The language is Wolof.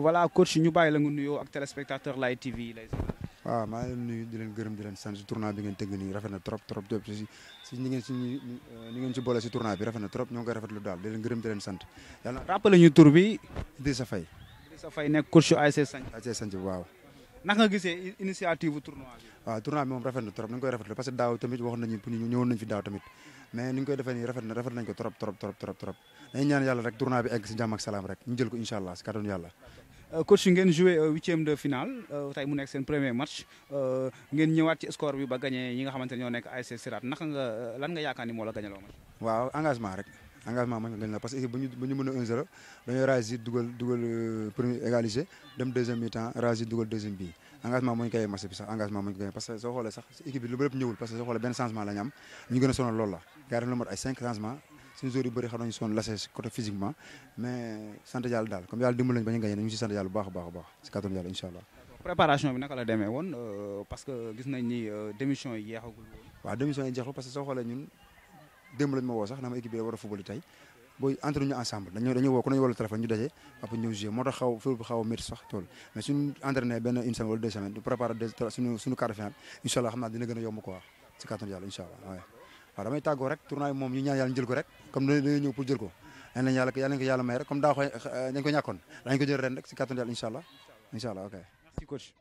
voilà coach ñu bàyyi la nga nuyoo ak téléspectateur Light TV lay waaw maa ngi leen nuyu di leen gërëm di leen sant si tournoi bi ngeen tëgg nii rafet na trop trop trop si trop trop trop trop trop ñaan yàlla rek tournoi bi egg si jàmm salaam rek ñu jël ko incha allah si kàttanu yàlla Euh, coach ngeen joué euh, huitième de finale euh, tey mu nekk seen premier match ngeen ñëwaat ci score bi ba gagné ñi nga xamante ne ñoo nekk ASC Sirat naka nga lan nga yaakaar ni moo la la parce que bu ñu bu ñu mën a 1-0 dañoo Razi dugal dugal premier égalisé dem deuxième mi-temps Razi dugal deuxième bii engagement moo ñu koy match sax engagement moo ñu koy parce que soo xoolee sax équipe bi lu lépp ñëwul parce que soo xoolee benn changement la ñu suñu joueurs yu bëri xam nañu son lasé physiquement mais sant yàlla daal comme yàlla dimbali ba ñu gagné ñu si sant yàlla baax baax baax si kàttanu yàlla incha allah préparation euh, nañ ni euh, démission yi a football a métti sax tool mais suñu entraîné benn une semaine wala naa dina gën a yomb quoi si kàttanu yàlla incha allah waaw damay tàggoo rek tournoi moom ñu ñaan yàlla ñu jël ko rek comme dañoo ñëw pour jël ko yal nañu yàlla yal rek comme daa xooy dañ ko ñàkkoon dañ jël ren rek si kàttan yàlla incha allah incha